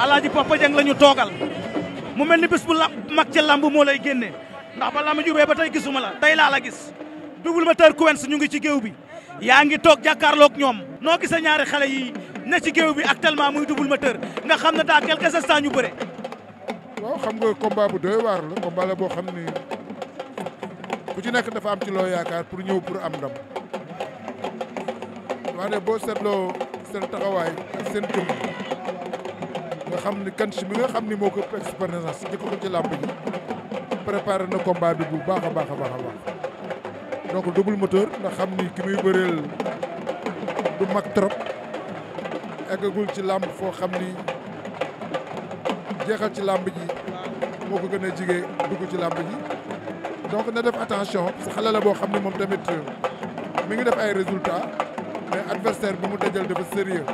alaaji Papa Dieng la ñu toogal mu mel ni bis bu mag ca lamb moo lay génne ndax ba lamb jubee ba tey gisuma laal tey laa la gis Double Moteur Quench ñu ngi ci géew bi yaa ngi toog jàkkaarloog ñoom noo gisee ñaari xale yi ne ci géew bi actuellement muy Double Moteur nga xam ne daa quelques instants ñu bëre waaw xam nga combat bu doy waar la combat boo xam ni ku ci nekk dafa am ci loo yaakaar pour ñëw pour am ndam waaye boo seetloo seen taxawaay seen jëm nga xam ni kanc bi nga xam ni moo ko expérience jëkk ko ci làmb ji préparé na combat bi bu baax a baax a baax a baax donc double moteur ndax xam ni ki muy bëreel du mag trop eggagul ci làmb foo xam ni jeexal ci làmb ji moo ko gën a jigee dugg ci làmb ji donc na def attention sa xale la boo xam ni moom tamit mi ngi def ay résultat mais adversaire bu mu dajal dafa sérieux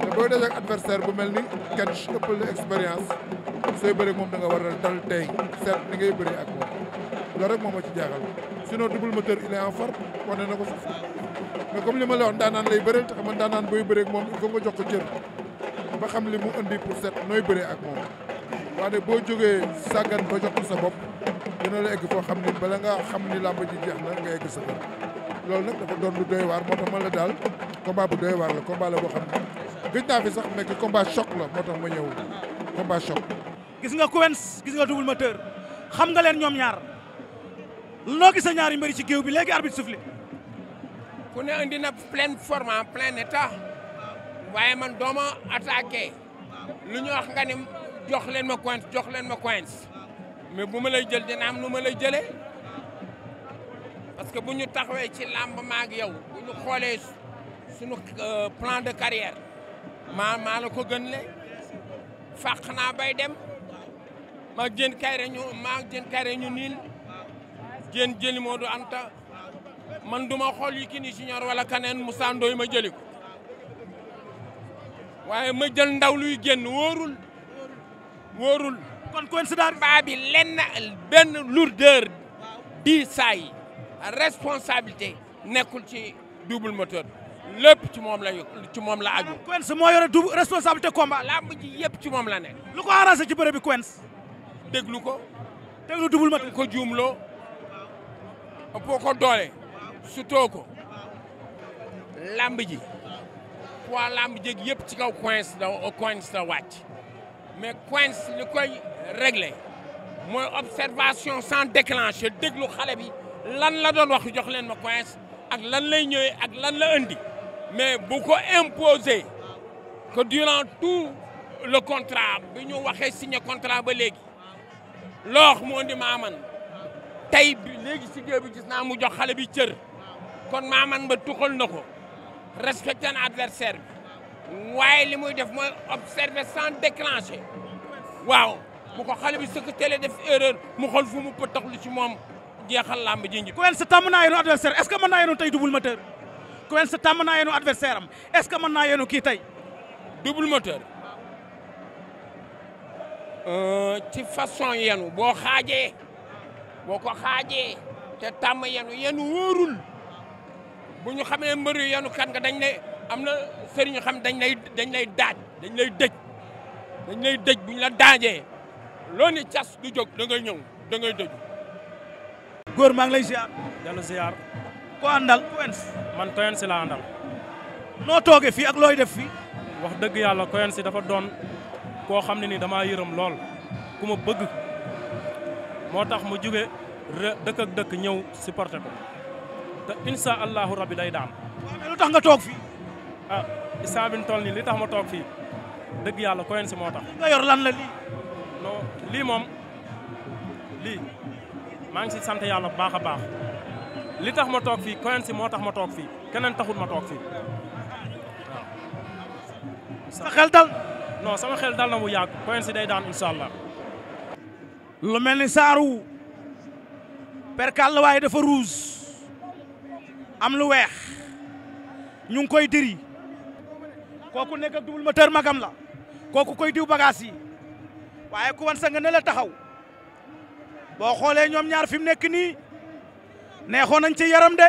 te booy dajal adversaire bu mel ni Ketch ëpp la expérience sooy bëree moom da nga war a dal tey seet ni ngay bëree ak moom loolu rek moom moo ci jaaxal sinon double moteur il est en forme wane na ko sax mais comme li ma la wax daanaan lay bëreel te xam nga daanaan booy bëree moom il faut nga jox ko cër ba xam li mu indi pour seet nooy bëree ak moom waaye boo jógee sàggan ba jox ko sa bopp dina la egg foo xam ni bala nga xam ni làmb ji jeex na nga egg loolu nag dafa doon lu doy waar moo tax man la daal combat bu doy waar ko combat la boo xam ne gëj naa fi sax nekk combat choc la moo tax ma ñëw combat choc. gis nga Quench gis nga double moteur xam nga leen ñoom ñaar noo gis a ñaari mbëri ci géew bi léegi arbitre soufflé. ku ne indi na pleine forme en ne taa waaye man dooma attaqué lu ñu wax nga ni jox leen ma Quench jox leen ma Quench mais bu ma lay jël dina am nu ma lay jëlee. parce que bu ñu taxawee ci lamb maag yow bu ñu xoolee suñu euh, plan de carrière maa maa la ko gën le fàq naa bay dem maag jën kayre ñu maag jën kayre niil jën jëli du anta man duma xool yi kiini ni junior wala kaneen Moussa Ndoye ma jëli ko waaye ma jël ndaw luy génn wóorul wóorul kon coïncidence baa bi lenn benn lourdeur di saa yi responsabilité nekkul ci double moteur lépp ci moom la ci moom la aju. Quench moo yore double ci combat. làmb ji yëpp ci moom la nekk. lu ci bëre bi Quench. déglu ko. déglu double moteur ko juumloo. boo ko doole. sutoo ko. làmb ji. poids làmb jéeg yëpp ci kaw Quench da Quench da wàcc. mais Quench li koy réglé mooy observation sans déclencher déglu xale bi. lan la doon wax jox leen ma coince ak lan lay ñëwee ak lan la indi mais bu ko imposer que durant tout le contrat bi ñu si signé contrat ba léegi loox mu indi maaman tey bi léegi si géej bi gis naa mu jox xale bi cër kon maaman ba tuxal na ko respecté na adversaire bi waaye li muy def mooy observer sans déclencher waaw bu ko xale bi sëkk télé def erreur mu xool fu mu pëtaxlu ci moom jeexal làmb ji ko Quench tàmm naa yenu adversaire est-ce que mën naa yenu tey double moteur. Quench tàmm naa yenu adversaire am est-ce que mën naa yenu kii tey. double moteur. Euh, ci façon yenu boo xaajee boo ko xaajee te tàmm yenu yenu wóorul bu ñu xamee mbëri yenu kan ga dañ ne am na sëriñ xam dañ lay dañ lay daaj dañ lay dëj dañ lay dëj bu la daajee loo ni cas du jóg da ngay ñëw da ngay dëju góor maa ngi lay ziar. dellu ziar. ko àndal Coens. man Coens laa toogee fii ak looy def fii. wax dëgg yàlla Coens dafa doon koo xam ne nii damaa yërëm lool ku ma bëgg moo tax ma jóge dëkk dëkk ñëw supporté ko te incha allahu rabi day daan. waaw mais lu tax nga toog fii. ah instant bi ñu toll nii li tax ma toog fii dëgg yàlla Coens moo tax. nga yor lan la lii. non lii moom lii. maa ngi si sant yàlla bu baax a baax li tax ma toog fii Coen si moo tax ma toog fii keneen taxul ma toog fii waaw. sa xel dal. non sama xel dal na mu yàgg Coen si day daan incha allah. lu mel ni saaru perkal la waaye dafa rouge am lu weex ñu ngi koy diri kooku nekk ak double moteur magam la kooku koy diw bagage yi waaye ku wan sa nga ne taxaw. boo xoolee ñoom ñaar fi mu nekk nii neexoon nañ ci yaram de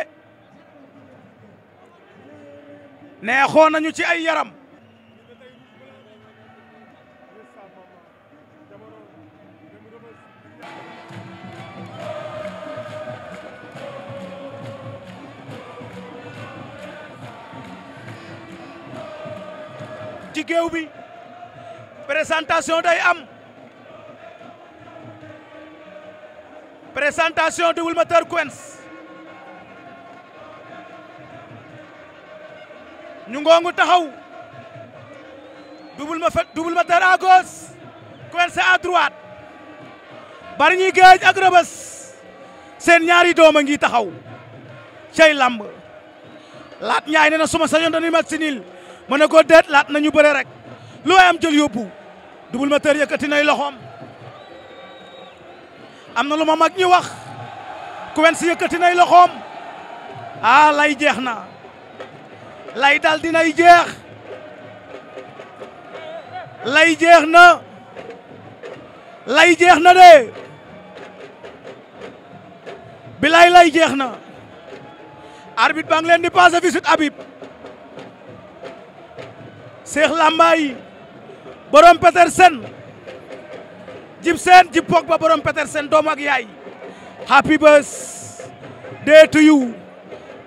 neexoon nañu ci ay yaram ci géew bi présentation day am présentation Double Moteur Quench ñu ngoongu taxaw Double Moteur Double Moteur à gauche Quench à droite bari ñuy géej ak rëbës seen ñaari doom a ngi taxaw cey làmb laat ñaay ne na suma sañoon dañuy mat si niil ma ko déet laat nañu bëre rek lu waay am jël yóbbu Double Moteur yëkkati nay loxoom am na lu ma mag ñi wax ku wen si yëkkati loxoom ah lay jeex na lay dal dinay jeex lay jeex na lay jeex na de bilaay lay jeex na arbit baa ngi leen di passé visite Habib Cheikh Lambaye borom Petersen Jib Sène Jib Pogba borom Petersen doom ak yaay happy birthday to you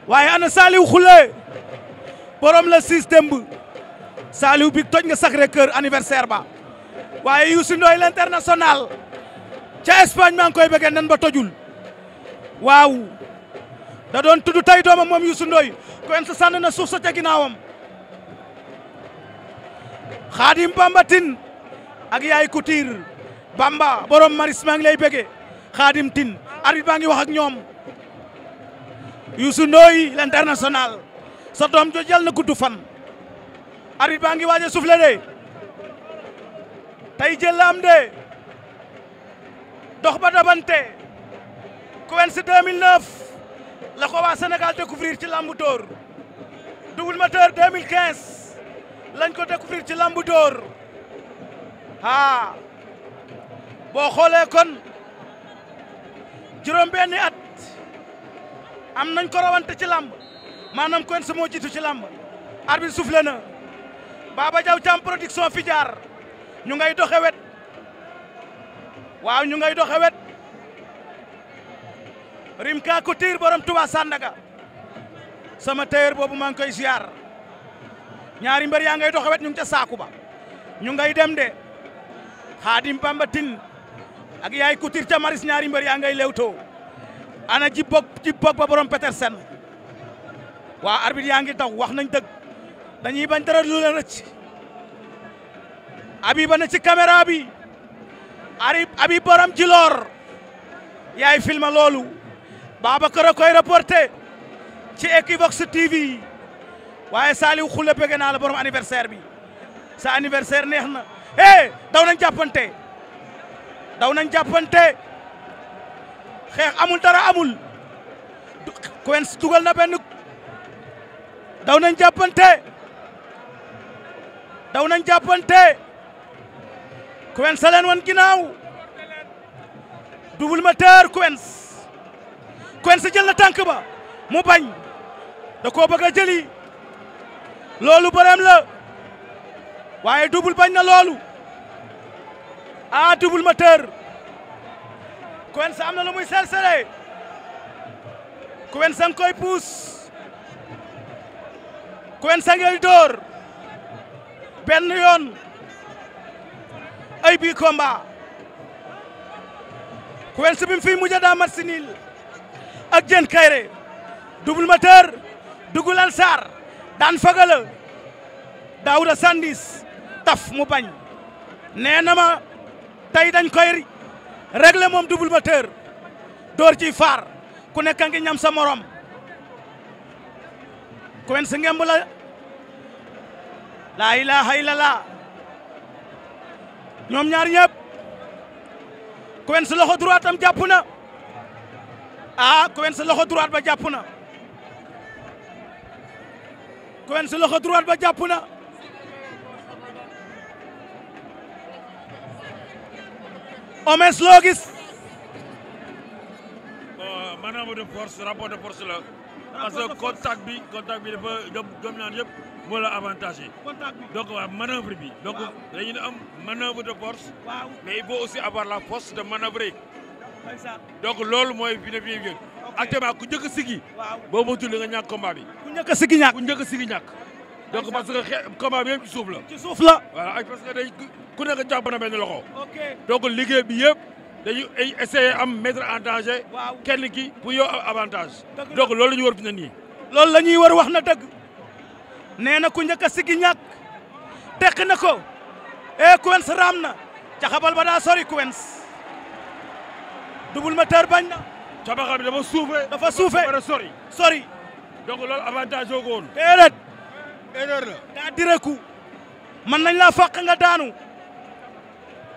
waaye ana Saliou Khoulé borom la six démb Saliou bi toj nga Sacré-Cœur anniversaire ba waaye Youssou Ndoye l'international ca Espagne maa ngi koy bëggee nan ba tojul waaw da doon tudd tey doomam moom Youssou Ndoye kon sa sànn na suuf sa ca ginnaawam Khadim Bamba Tine ak yaay Couture Bamba borom maris maa ngi lay bëggee Khadim Tine arbitre baa ngi wax ak ñoom Youssou Ndoye l'international sa doom jooju yàlla na gudd fan arbitre baa ngi waaj a soufflé de tey jël la am de dox ba dabante Quench 2009 la ko waa Sénégal découvrir ci lambu dóor double moteur 2015 lañ ko découvrir ci lambu dóor boo xoolee kon juróom-benni at am nañ ko rawante ci làmb maanaam Quench moo jiitu ci làmb arbitre soufflé na Baba Diaw Thiam production fi jaar ñu ngay doxe wet waaw ñu ngay doxe wet rim kaa ko tiir borom Touba Sandaga sama téer boobu maa ngi koy ziar ñaari mbër yaa ngay doxe wet ñu ca saaku ba ñu ngay dem de Xaadim Bamba Tine ak yaay Couture ca maris ñaari mbër yaa ngay lewtoo ana ji bokk ji bokk ba borom Petersen waa arbitre yaa ngi taw wax nañ dëgg dañuy bañ dara lu leen rëcc abi ba na ci caméra bi ari abi borom jiloor yaay filma loolu Babacar a koy reporté ci Equivox TV waaye Saliou Khoule bëgg naa la borom anniversaire bi sa anniversaire neex na eh daw nañ jàppante daw nañ jàppante xeex amul dara amul Quench dugal na benn daw nañ jàppante daw nañ jàppante Quench sa leen wan ginnaaw Double Moteur Quench Quench jël na tànk ba mu bañ da koo bëgg a jëli loolu bëreem la waaye Double bañ na loolu ah Double Moteur Cuenca am na lu muy selsele Cuenca nga koy puus Cuenca ngay dóor benn yoon ay bii combat Cuenca bi mu fi mujj daa mat si niil ak Diène Kairé double moteur dugulal Sarr daan fagala Daouda Sandis taf mu bañ nee na dañ koy réglé moom double moteur door ci faar ku nekk a ngi ñam sa morom Quench si ngemb la laa ilaha illallah ñoom ñaar ñëpp Quench si loxo droite am jàpp na ah Quench loxo droite ba jàpp na Quench loxo droite ba jàpp na Omès loo gis. bon maanaam de force rapport de force la. parce que contact bi contact bi dafa jom jom naan yëpp moo bi donc a manœuvre bi. donc dañuy am manœuvre de force. waaw mais il faut aussi avoir la force de manœuvrer. donc loolu mooy bi ne bii actuellement ku njëkk a siggi. waaw boo moytuwul nga ñàkk combat bi. ku njëkk a siggi ñàkk ku njëkk a siggi donc parce que xe combat suuf la. ci suuf la voilà ku nekk jàpp na benn loxo. ok donc liggéey bi yëpp dañu essayer am mettre en danger. kenn ki pour yow avantage. donc loolu la ñu war fi ne nii. loolu la ñuy war wax na dëgg nee na ku njëkk a siggi ñàkk tekk na ko e eh, Quench raam na caxabal ba daa sori Quench Double Moteur bañ na. cabaxal bi dafa suufee. dafa suufee sori. sori donc loolu avantage yoo ko erreur la daa direku mën nañ laa fàq nga daanu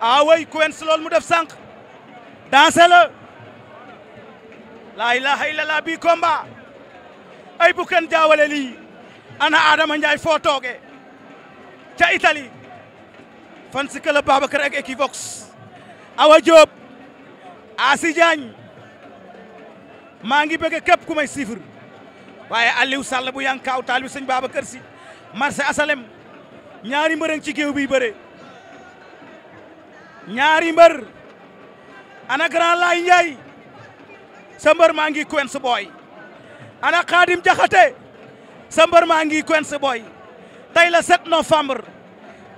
aaway Quench loolu mu def sànq danse la laa ilaha illallah bii combat ay bu jaawale lii ana Adama Ndiaye foo tooge ca Italie fan si club Babacar ak Equivox Awa Diop Asi maa ngi bëgg képp ku may siifir waaye Aliou Sall bu yankaaw taal bi sëñ Babacar si marché asalem ñaari mbër ci géew bi bëre ñaari mbër ana maa ngi kuen sa booy ana xaadim jaxate sa mbër maa ngi kuen sa booy tey la 7 novembre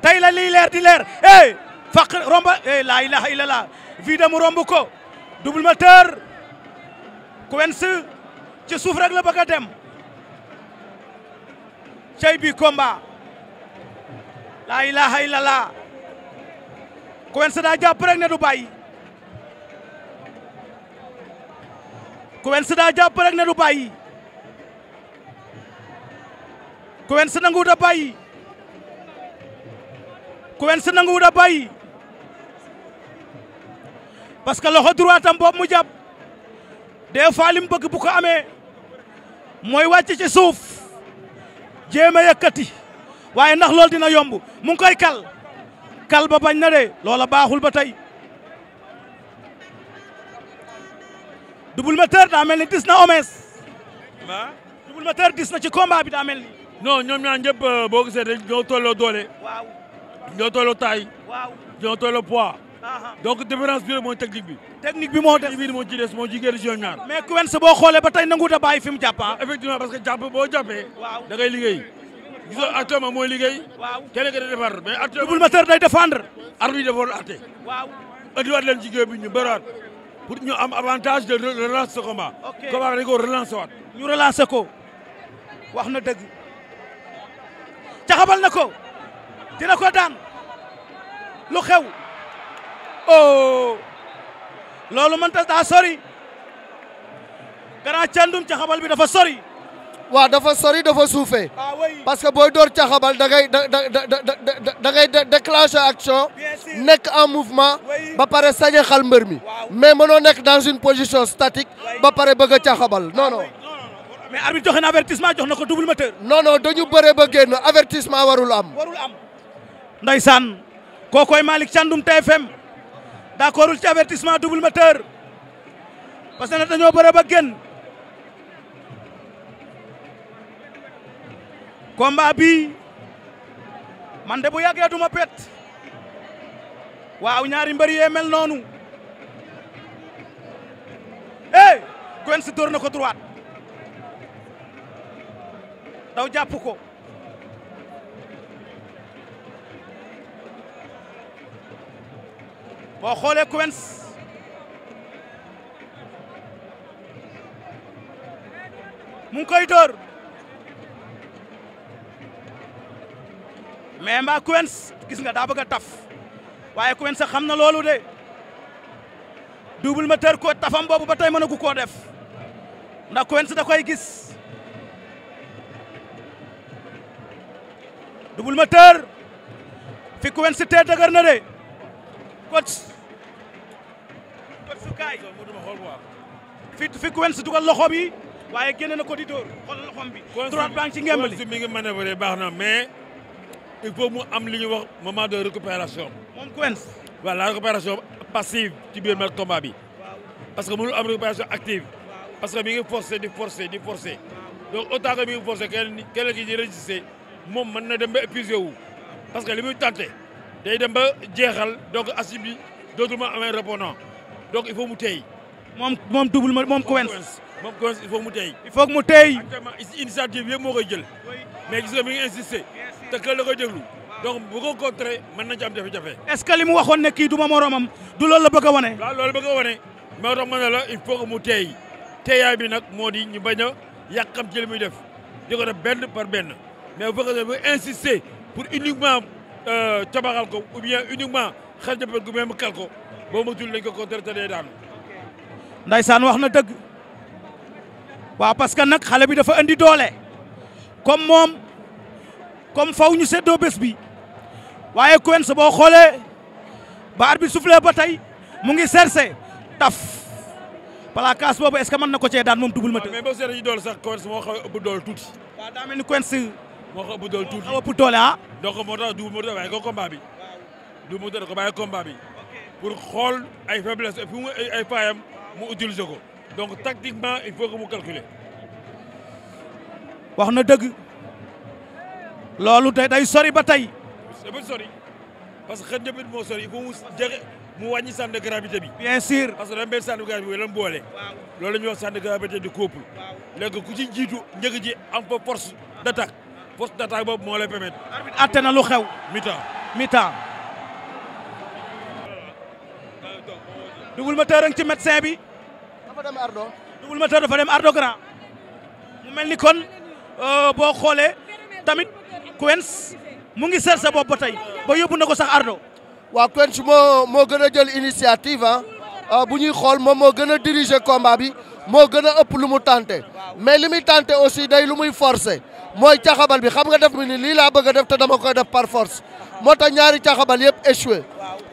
tey la lii leer di leer eh faq romba eh laa ilaha illallah fii de mu romb ko double moteur ci suuf rek la bëgg dem cey bi combat laa ilaha illallah Quench daa jàpp rek ne du bàyyi Quench daa jàpp rek ne du bàyyi Quench nanguwut a bàyyi Quench nanguwut a bàyyi parce que loxo droit am boobu mu jàpp des fois li mu bëgg bu ko wàcc ci suuf jéem a yëkkati waaye ndax lool dina yomb mu ngi koy kal kal ba bañ na loola baaxul ba tey Double Moteur daa mel ni dis na Omes ah Double Moteur dis na ci combat bi daa mel ni non ñoom ñaar ñëpp euh, boo gisee dañoo tolloo doole. waaw ñoo tolloo taille. waaw ñoo tolloo poids. donc différence bi mooy technique bi. technique bi moo def moo ci des moo ci région ñaar. mais Quench boo xoolee ba tey nanguut a bàyyi fi mu jàpp ah. effectivement parce que jàpp boo jàppee. waaw da ngay liggéey. gisoo mooy liggéey. waaw keneen ki day défendre mais actuellement. double moteur defoon àtte. waaw indiwaat leen ci bi ñu bëraat pour ñu am avantage de relance ce combat. ok combat dañu ko relancer ñu relancer ko wax na dëgg caxabal na ko dina ko daan lu xew. oh loolu man tas daa sori Grand Thiandoum caxabal bi dafa sori. waa dafa sori dafa suufee. Ah, parce que booy door caxabal da ngay da da da da ngay déclencher action. nekk en mouvement. ba pare sañe xal mbër mi. mais mënoo nekk dans une position statique. ba pare bëgg a caxabal non ah, non. joxe na jox na ko double moteur. non non dañu bëre ba génn avertissement warul am. warul am. ndeysaan kookoy Malick Thiandoum TFM. d'accordul ci avertissement double moteur parce que nag dañoo bëre ba génn combat bi man de bu yàggee duma pet waaw ñaari mbër yee mel noonu eh Gwen si dóor na ko droite daw jàpp ko boo xoolee Quench mu ngi koy dóor mais mbaa Quench gis nga daa bëgg taf waaye Quench sax xam na loolu de ma Moteur ko tafam boobu ba tey mënagu koo def ndax Quench da koy gis Double Moteur fi Quench tee dëgër na de coach coach sukaay fi fi Quench dugal loxoom yi waaye génne na ko di dóor xool loxoom bi droite blanche ci ngembali mi ngi manœuvrer baax na mais il faut mu am li ñuy wax moment de récupération moom Quench waaw la récupération passive ci biir mag combat bi parce que mënul am récupération active parce que mi ngi forcé di forcé di forcé donc autant que mi ngi forcé keneen keneen ki di résister moom mën na dem ba épuisé wu parce que li muy tenté day dem ba jeexal donc asib bi dootul ma amee répondant donc il faut mu tey. moom moom ma moom Quench. moom Quench il faut mu tey. il faut mu tey. actuellement initiative yëpp moo koy jël mais gis nga mi ngi insister te kër la koy déglu donc bu ko contrer mën nañu ci am jafe-jafe. est-ce que li mu waxoon ne kiitu du ma moromam du loolu la bëgg a wane. waaw loolu bëgg a ma la il faut que mu tey teeyaay bi nag moo di ñu bañ a yàqam ci li muy def di ko benn par benn mais bu fekkee ne bu insister pour uniquement. cabaxal euh, ko ou bien uniquement xel jëppal gu même kal ko boo ma tul lañ ko ko traité day daanu. Ndaysaan wax na dëgg waaw parce que nag xale bi dafa andi doole comme moom comme faw ñu seddoo bés bi waaye Quench boo xoolee ba bi soufflé ba tey mu ngi serse taf placage boobu est-ce que mën na ko cee daan moom double moteur. mais moo tuuti. Ah. moo ko ëpp doole tuuti moo ëpp doole ah. tax Double ko combat bi Double Moteur da ko bàyyi combat bi xool ay faiblesse ay faayam mu utiliser ko donc tactiquement il faut que mu calculer. wax na dëgg loolu tey day sori ba tey. dafa sori parce que xëy na moo sori il faut mu jege mu wàññi centre de gravité bi. bien sûr parce que dafa mel centre de gravité bi lan boole. loolu la ñuy wax centre de gravité du couple. ku ci jiitu njëg ji am fa force d'attaque. poste d' boobu moo lay permettre. na lu xew. mi-temps mi-temps. Double Moteur a ci médecin bi. dafa dem Ardo. Double mu mel ni kon euh, boo xoolee tamit Quench mu ngi seet sa bopp ba tey ba yóbbu na ko sax Ardo. waa Quench moo moo gën a jël initiative ah bu ñuy xool moom moo gën a diriger combat bi moo gën a ëpp lu mu tenté mais li muy tenté aussi day lu muy forcer. mooy caxabal bi xam nga def mi ni lii laa bëgg a def te dama koy def par force moo tax ñaari caxabal yëpp échoué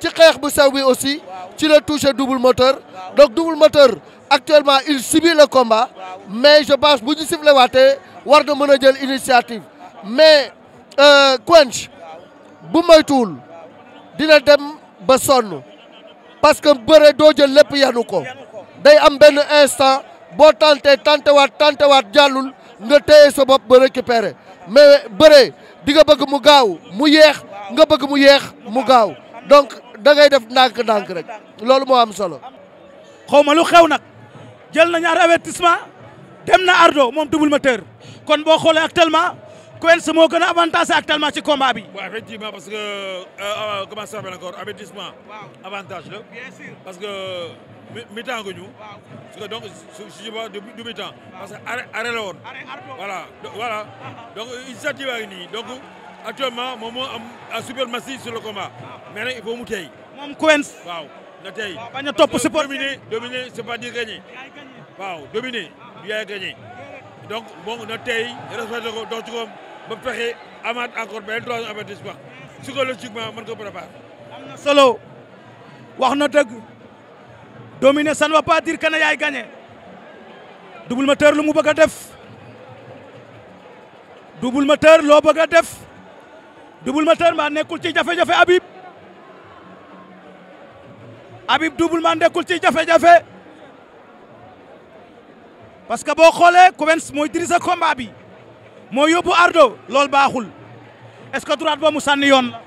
ci xeex bu sew bi aussi ci la touché double moteur donc double moteur actuellement il subit le combat mais je pense bu ñu sifle waatee war na mën a jël initiative mais euh, Quench bu moytuwul dina dem ba sonn parce que bëre doo jël lépp yanu ko day am benn instant boo tante tante waat tante waat jàllul nga téye sa bopp ba récupérer mais bëre di nga bëgg mu gaaw mu yeex nga bëgg mu yeex mu gaaw donc da ngay def ndànk-ndànk rek loolu moo am solo. xaw ma lu xew nag jël na ñaar avertissement dem na Ardo moom Double Moteur kon boo xoolee actuellement. Quench moo gën a avantage ci combat bi. waaw parce que euh, euh, parce que mi-temps nga ñu. parce que donc su je vois du mi parce que arrêt arrêt la woon. voilà donc initiative a ngi nii donc actuellement moom moo am sur le combat. Ah. mais il faut mu tey. moom Quench. waaw na tey. waaw bañ a topp support dominer dominer c'est pas dire gagner. waaw dominer du ah. yaay gagner donc moom na tey respecté ko dox ci koom. ba fexe amaat encore benn troisième avertissement psychologiquement mën ko préparer. am na solo wax na dëgg dominer ça ne va pas dire que ne yaay gagné double moteur lu mu bëgg a def ma moteur loo bëgg a def double ma mbaa nekkul ci jafe-jafe Habib Habib double mbaa nekkul ci jafe-jafe parce que boo xoolee Covens mooy diriger combat bi. moo yóbbu Ardo loolu baaxul est-ce que droite ba mu sànni yoon la.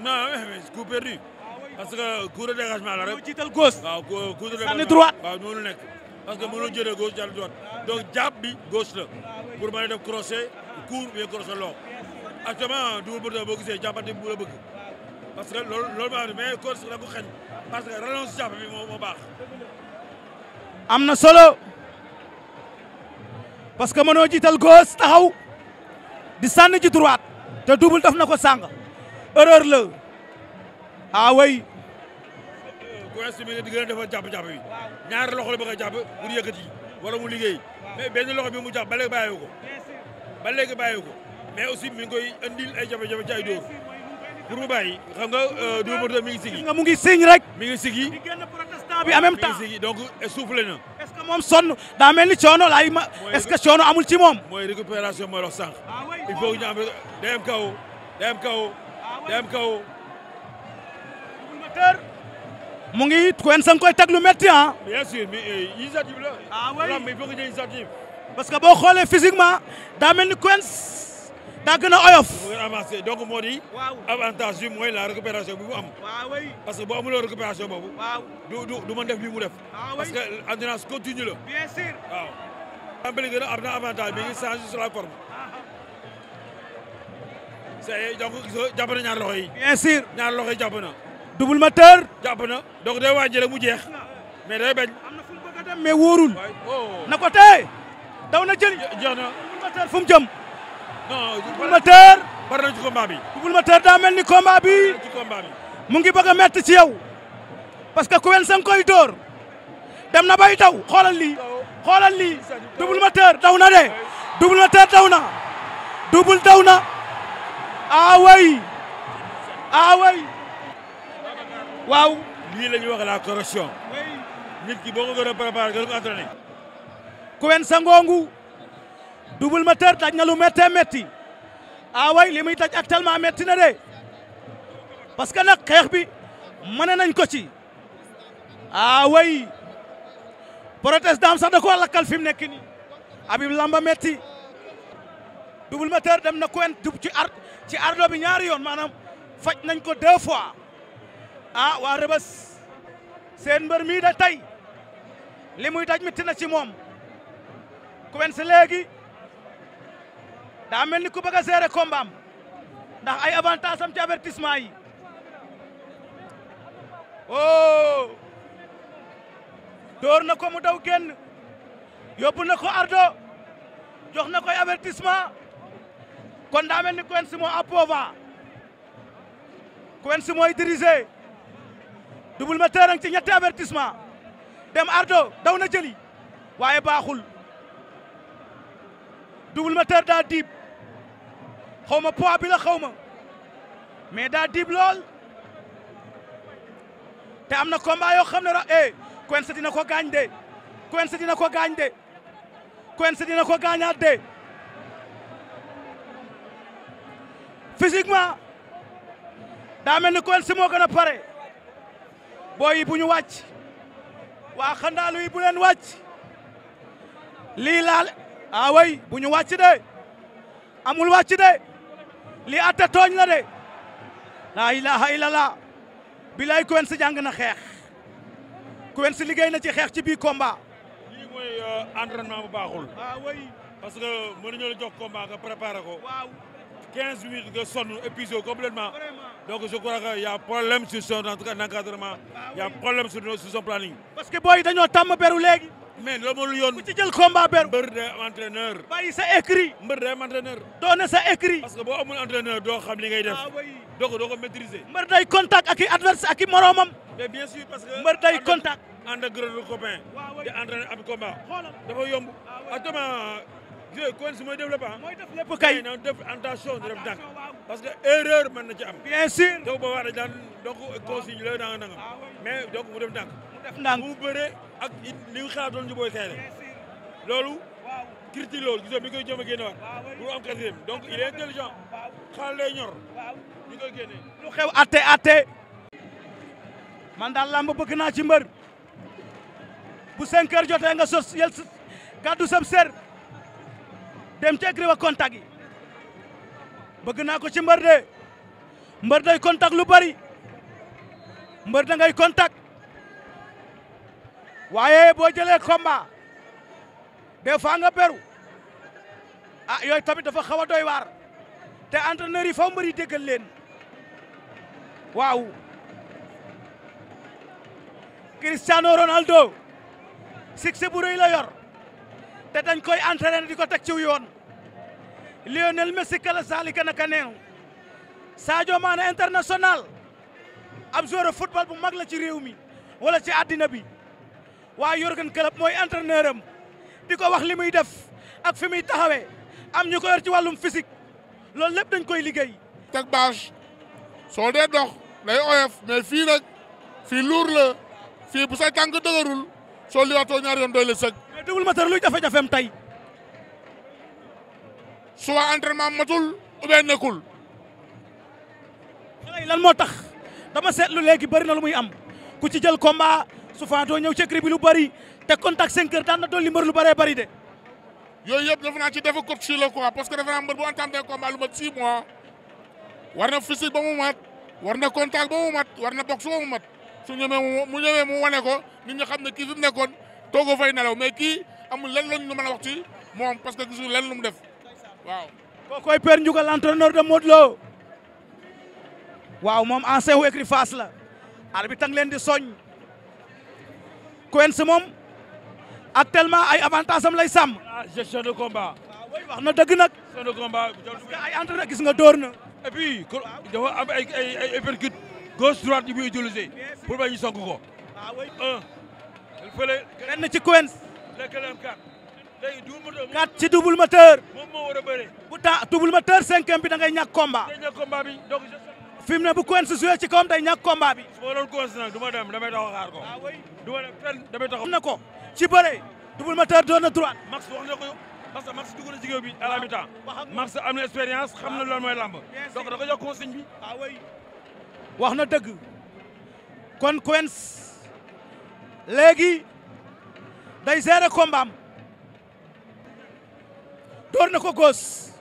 non eh, coup perdu parce que coup de la rek. moo jiital gauche waaw coup de dégagement nekk parce que mënoo jëlee gauche la pour mën a def crochet court bien crochet long actuellement Double Moteur boo gisee jàppante bu la bëgg parce que loolu loolu parce que relance baax. am na solo parce que mënoo taxaw. di sànni ci droite te double daf na ko sàng erreur la ah way goes bi ne di gën a defal jàpp-jàpp bi ñaari loxo la bëgg a jàpp wala mu liggéey mais benn loxo bi mu jàpp ba léegi bàyyi ko ba léegi bàyyi ko mais aussi mi ngi koy andil ay jafe-jafe ci ay dóor pour mu bàyyi xam nga euh, mi ngi sigi. mu ngi signe rek. mi ngi sigi. di bi en même temps mi ngi sigi donc na. moom sonn daa ni coono laay ma est coono amul ci moom. mooy récupération mooy wax sànq. Ah, il faut ah, mu ngi Quench sang koy teg lu métti ah. bien sûr mais euh, initiative ah, boo xoolee physiquement daa mel ni Quench. daa na a oyof. moo gën moo di. avantage bi mooy la récupération bi mu am. parce que boo amuloo récupération boobu. du du du mën def lii mu def. parce que endurance continue la. bien sûr waaw. Tàmbali a avantage bi ngi changé sur la forme. c'est donc ñaar loxo yi. bien ñaar loxo yi jàpp ma double moteur. jàpp na donc day mu jeex. mais day bañ. am na fu oh. na ko tee. daw na jëli. jeex na double non bul ma teer. bari ni combat mu ngi bëgg a metti parce que Kouwel sang koy dem na bay daw xoolal lii. xoolal lii Double Moteur daw na de. Double Moteur daw na. Double daw na. aaway. Ah aaway. Ah waaw. lii la Double Moteur daj na lu méttee métti ah way li muy daj actuellement métti na de parce que nag xeex bi mane nañ ko ci ah way porotes daam sax da lakkal fi mu nekk abi Habib metti métti Double Moteur dem na koen dub ci ar ci ardo bi ñaari yoon maanaam faj nañ ko deux fois ah waa Rebeuss seen mbër mii da tey li muy daj na ci moom ku wen si daa mel ni ku bëgg a gérer combat ndax ay avantage am ci avertissement yi oh door na ko mu daw génn yóbbu na ko ardo jox na koy avertissement kon daa mel ni Quench moo appova Quench mooy dirigé Double Moteur ci ñetti avertissement dem ardo daw na jëli waaye baaxul Double Moteur daa diib xaw ma poids bi la xaw ma mais daa dib lool te am na combat yoo xam ne ra eh Quench dina ko gaañ de Quench dina ko gaañ de Quench dina ko gaañaat de physiquement daa mel ni Quench moo gën a pare booy yi bu wàcc waa xandaalu yi bu leen wàcc lii laal ah way bu ñu de amul wàcc de li atte tooñ la de laa ilaha illallah bilaay Quench jàng na xeex Quench liggéey na ci xeex ci biir combat lii mooy euh, entraînement bu baaxul waaw ah, way parce que mënuñu na jox combat nga préparé ko waaw quinze minutes nga donc je crois a problème sur son en tout cas encadrement ah, y a problème sur son planning parce que booy dañoo tàmm beru léegi mais loolu moo dul yoon. ku ci jël combat mbër day am entraîneur. sa écrit. mbër day am entraîneur. sa écrit. parce que boo amul entraîneur doo xam li def. Ah doo ko doo mbër day contact ak i adversaire ak i moroomam. mais bien sûr parce que. mbër day contact. ànd ak gërëm copain. Ah di entraîneur am combat. yomb actuellement. je kon si mooy développé ah. def lépp kay na def attention def dàq. parce que erreur mën na ci am. bien sûr donc boobaa dañu daan donc consigne la nangam nangam ah mais donc mu def dàq. mu ak li ñu loolu critique loolu gisoo mi koy jëm a génnewaat pour xew atte atte man daal làmb bëgg naa ci mbër bu 5 heures jotee nga sos yel gàddu sab dem ci écrit wa bëgg naa ko ci mbër de mbër day contact lu bari mbër da ngay waaye boo jëlee combat des fois nga beru ah yooyu tamit dafa xaw a doy waar te entraîneur yi faw mbëri déggal leen waaw Cristiano Ronaldo succès bu rëy la yor te dañ koy entraîner di ko teg ciw yoon Lionel Messi kala zalika naka neenu Sadio Mané international ab joueur bu mag la ci réew mi wala ci àddina bi waa Jürgen Klopp mooy entraîneur am di ko wax li muy def ak fi muy taxawee am ñu ko yor ci wàllum physique loolu lépp dañ koy liggéey. teg bâche soo dee dox day oyof mais fii nag fii luur la fii bu sa tànk dëgërul soo liwaatoo ñaar yoon doy la sëg. mais Double Moteur luy jafe-jafeem tey. soit entraînement matul ou bien nekkul. lan moo tax dama seetlu léegi bëri na lu muy am ku ci jël combat. su ñëw ci bi lu bari te contact seen kër daan na lu bëree bari de. yooyu yëpp defe naa ci defu coach la quoi parce que defe naa mbër bu entamé combat lu mat 6 mois war na physique ba mu mat war na contact ba mu mat war na boxe ba mu mat su ñëwee mu ñëwee wane ko nit ñi xam ne kii fi mu nekkoon toogoo fay nelaw mais kii amu lenn lañ ñu mën a wax moom parce que gisul lenn lu mu def waaw. kookoy Père Ndiouga l'entraîneur de Modou Lo waaw moom ancien wu écurie Fass la arbitre bi tang leen di soñ Quench moom actuellement ay avantage am lay sàmm. Ah, gestion de combat. Ah, wax na dëgg nag. gestion de ay entraîneur gis nga door na. et puis dafa am ay ay ay uppercut gauche yu muy utiliser pour bañ ñu song ko. Ah, un. fële. benn ci Quench. lëkkaleem quatre. léegi ci double moteur. moom moo war a bëre. bu taa bi da ngay ñàkk combat. da fi mu ne bu Quench joué ci kawam day ñàkk combat bi. su ma doon Quench nag ma dem damay taxaw xaar ko. Ah du dem fenn damay taxaw. ko ci bëre. Double Moteur doon na droite. Max wax na ko parce na ci géew ah, am na expérience xam na ah. loolu mooy làmb. donc da ko jox bi. wax na dëgg kon Quench léegi day gérer combat door na ko góos.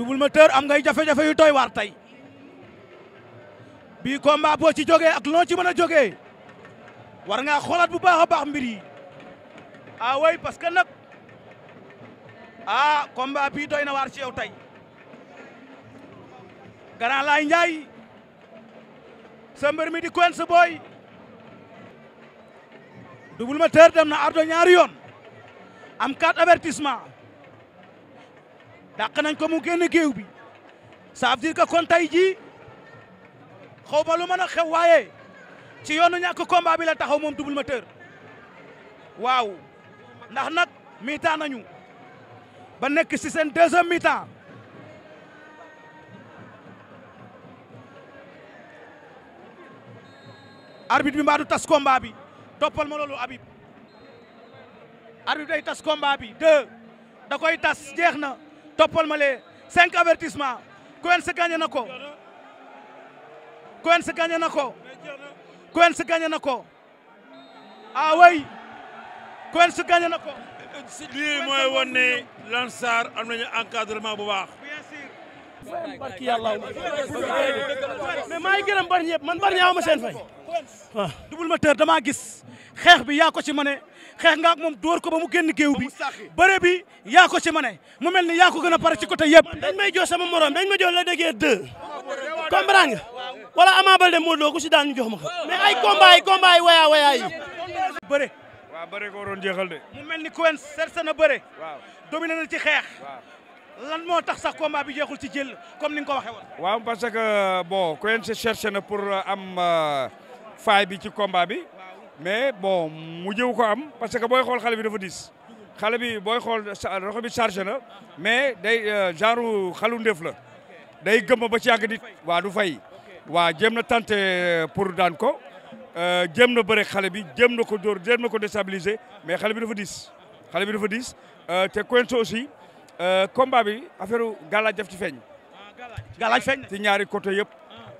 Double Moteur am ngay jafe-jafe yu doy waar tey bii combat boo ci jógee ak loo ci mën a jógee war ngaa xoolaat bu baax a baax mbir yi ah way parce que nag ah combat bii doy na waar ci tey Grand Laye Ndiaye mbër mi di Quench Boy Double Moteur dem na ardo ñaari yoon am quatre avertissement dàq nañ ko mu génn géew bi ça veut dire que kon tey jii xaw ma lu mën a xew waaye ci yoonu ñàkk combat bi la taxaw moom Double Moteur waaw ndax nag mi nañu ba nekk ci seen deuxième mi arbit arbitre bi mbaa tas combat bi toppal ma loolu Habib arbitre day tas combat bi da koy tas jeex na toppal ma lee cinq avertissement Quench gagné na ko Quench gagné na ko Quench gagné na ko ah way Quench gagné na ko lii mooy woon ne Lansar am nañu encadrement bu baax barki maa ngi man bari ñaa ma seen fay double moteur damaa gis xeex bi yaa ko si mane xeex nga ak moom dóor ko ba mu génn géew bi bëre bi yaa ko ci mane mu mel ni yaa ko gën a pare ci côté yëpp dañ may jox sama morom dañ ma joo la déggee deux comprendre nga wala Ama Baldé Modou Lô ku si daan ñu jox ma ay mais ay combat ay combat yi waya waya yi bëre waaw ko waroon jeexal de mu mel ni Quench serse na bëre waaw dominé na ci xeex lan moo tax sax combat bi jeexul ci jël comme ni nga ko waxee woon waaw parce que bon Quench cherché na pour am euh, faay bi ci combat bi mais bon mu jëw ko am parce que booy xool xale bi dafa diis xale bi booy xool roxo bi chargé na mais day euh, genre xalu ndéef la day gëmm ba ci yàgg nit waa du fay waa jëm na tante euh, pour daan ko euh, jëm na bëre xale bi jëm na ko dóor jëm na ko déstabiliser mais xale bi dafa diis xale bi dafa diis te Quench aussi combat bi affaire galaaj daf ci feeñ. Ah, galaaj feeñ ci ñaari côté yëpp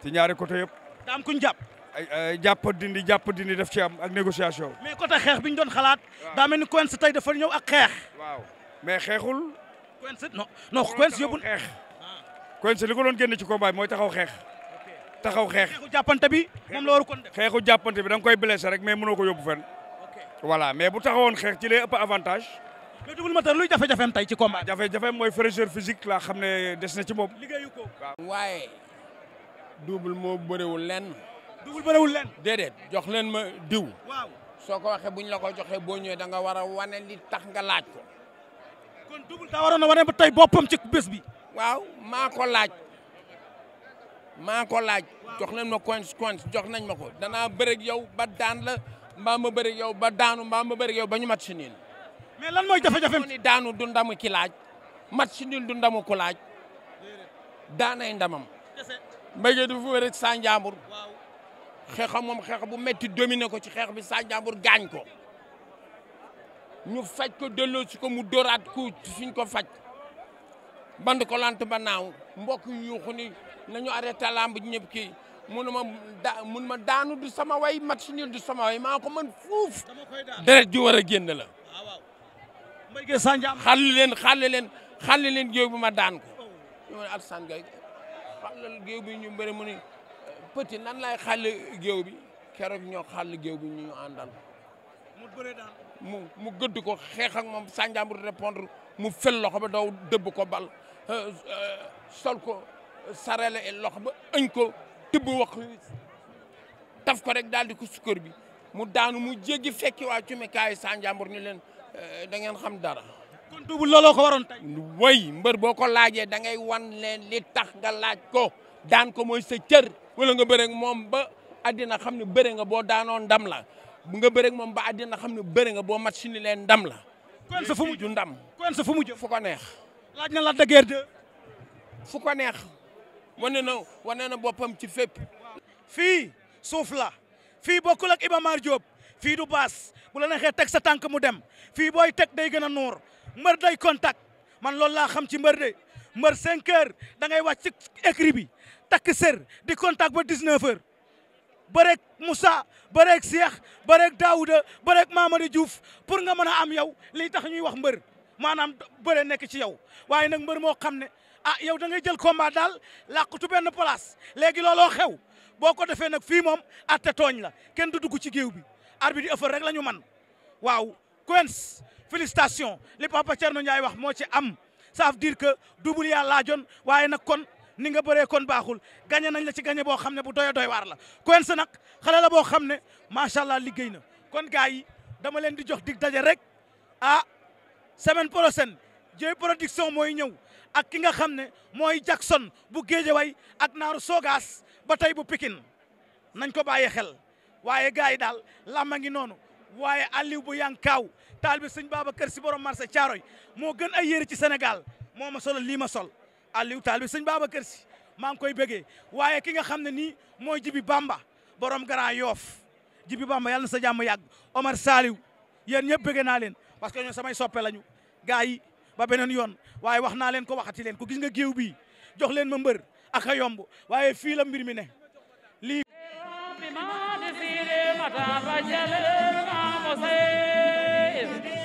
ci ñaari côté yëpp. daa am jàpp. jàpp dindi jàpp dindi daf ci am ak négociation. mais côté xeex bi ñu doon xalaat. daa mel ni Quench tey dafa ñëw ak xeex. waaw mais xeexul. no non non Quench yóbbul xeex. Ah. Quench li ko doon génn ci combat bi mooy taxaw xeex. taxaw xeex xeexu jàppante bi moom la war kon def. xeexu jàppante bi da nga koy blessé rek mais mënoo ko yóbbu fenn. voilà mais bu taxawoon xeex ci lay ëpp avantage. mais Double Moteur luy ci combat. jafe-jafeem mooy fraîcheur physique laa xam ne des na ci moom. liggéeyu ko waaye. Double moo bëriwul lenn. dugul bëriwul leen. déedéet jox leen ma diw. soo ko waxee buñ la ko joxee boo ñëwee da war a wane li tax nga laaj ko. kon dugul daa wane ba tey boppam ci bés bi. waaw maa ko laaj. maa ko laaj jox nañ ma coins jox nañ ma ko danaa bëreeg yow ba daan la mbaa ma bëreeg yow ba daanu mbaa ma bëreeg yow ba ñu mat si niin mais lan mooy jafe-jafe ni daanu du ndamu ki laaj mat si niin du ndamu laaj daanay ndamam mbéyge du fu wér sa njàmbur xeexam moom xeex bu metti dominé ko ci xeex bi saa jàmbur gaañ ko ñu faj ko delloo si ko mu dóoraat ku suñ ko faj band ko lant ba naaw mbokk yuuxu ni nañu arrêté lamb ñëpp kii munu ma da ma daanu du sama way match nul du sama way maa ko mën fuuf deret ji war a génn la ah, mbéyge sanjam xàll leen xàll leen xàll leen géew ma daan ko ñu ma ne ñu bëri mu petit nan lay xàlli géew bi keroog ñoo xàll géew bi ñu ñu mu bëree daan mu mu gëdd ko xeex ak moom sànjaambur répondre mu fel loxo ba daw dëbb ko bal euh, euh, sol ko sarale loxo ba ëñ ko tibb wax taf ko rek daal di ko sukkër bi mu daanu mu jéggi fekki waa cumi kaay sànjaambur ni leen euh, da ngeen xam dara. kon tuubu looloo ko way mbër boo ko laajee da ngay wan leen li tax nga laaj ko daan ko mooy sa cër. wala nga bëreeg moom ba àddina xam ne bëre nga boo daanoo ndam la nga bëreeg moom ba àddina xam ne bëre nga boo mat si ni leen ndam la. kon sa fu mu ju ndam kon sa fu mu ju fu ko neex. laaj na la de guerre de fu ko neex wane na wane na boppam ci fépp. fii suuf la fii bokkul ak Iba Mar Diop fii du baas bu la neexee teg sa tànk mu dem fii booy teg day gën a nuur mbër day contact man loolu laa xam ci mbër de mbër 5 heures da ngay wàcc ci écrit bi. takk sër di contact ba 19 heures bëreeg Moussa bëreeg Cheikh bëreeg Daouda bëreeg Mamadou Diouf pour nga mën a am yow lii tax ñuy wax mbër maanaam bëre nekk ci yow waaye nag mbër moo xam ne ah yow da ngay jël combat daal làqatu benn place léegi looloo xew boo ko defee nag fii moom ate tooñ la kenn du dugg ci géew bi arbitre di ëffal rek la man waaw Quench félicitation li Papa Thierno Ndiaye wax moo ci am ça veut dire que double yaa laajoon waaye nag kon ni nga bëree kon baaxul gagné nañ la ci gagné boo xam ne bu doy doy waar la sa nag xale la boo xam ne macha allah liggéey na kon gaay dama leen di jox dig daje rek ah semaine prochaine Dieye production mooy ñëw ak ki nga xam ne mooy Jackson bu way ak naaru Sogaas ba tey bu Pikine nañ ko bàyyee xel waaye gars yi daal làmma ngi noonu waaye Aliou bu Yankaaw taal bi sëñ Babacar si borom marché Thiaroy moo gën ay yére ci Sénégal moo ma solo lii ma sol Aliou Taal bi sëñ Babacar Si maa ngi koy bëggee waaye ki nga xam ne nii mooy Jibi Bamba borom Grand Yoff Jibi Bamba yàlla na sa jàmm yàgg Omar Saliou yéen ñëpp bëggee naa leen parce que ñoom samay soppe lañu gars yi ba beneen yoon waaye wax naa leen ko waxati leen ko gis nga géew bii jox leen ma mbër ak a yomb waaye fii la mbir mi ne lii bi